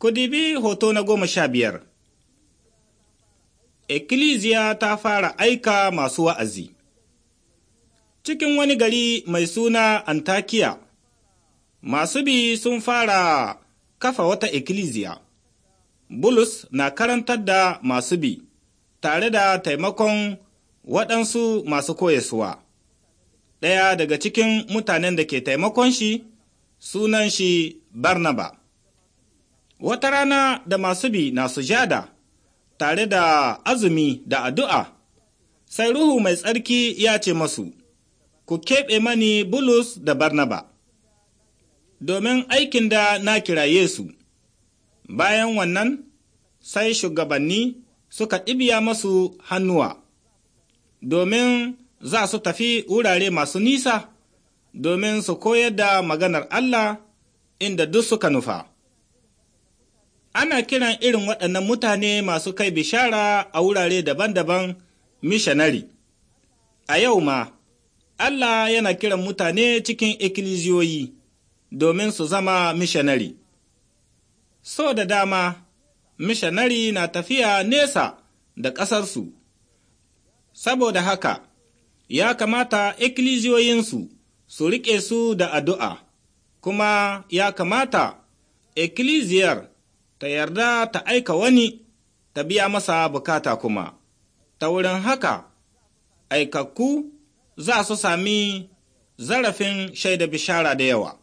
Ku dibi hoto na goma sha biyar. ekiliziya ta fara aika masu wa'azi. Cikin wani gari mai suna Antakiya, masu bi sun fara kafa wata ikkilisiya. Bulus na karantar da masu bi, tare da taimakon waɗansu masu koyasuwa Ɗaya daga cikin mutanen da ke taimakon shi, sunan shi Barnaba. Wata rana da masu bi na sujada, tare da azumi da addu'a, sai Ruhu mai tsarki ya ce masu, Ku keɓe mani Bulus da Barnaba, domin aikin da na kiraye su. Bayan wannan, sai shugabanni suka ɗibiya masu hannuwa, domin za su tafi wurare masu nisa, domin su koyar da maganar Allah inda duk suka nufa. Ana kiran irin waɗannan mutane masu kai bishara a wurare daban-daban mishanari. A yau ma, Allah yana kiran mutane cikin ikkiliziyoyi domin su zama mishanari. So da dama, mishanari na tafiya nesa da ƙasarsu, saboda haka, ya kamata ikkiliziyoyinsu su riƙe su da addu'a, kuma ya kamata ikkiliziyar ta yarda ta aika wani ta biya masa bukata kuma, ta wurin haka aikakku za su sami zarafin shaida bishara da yawa.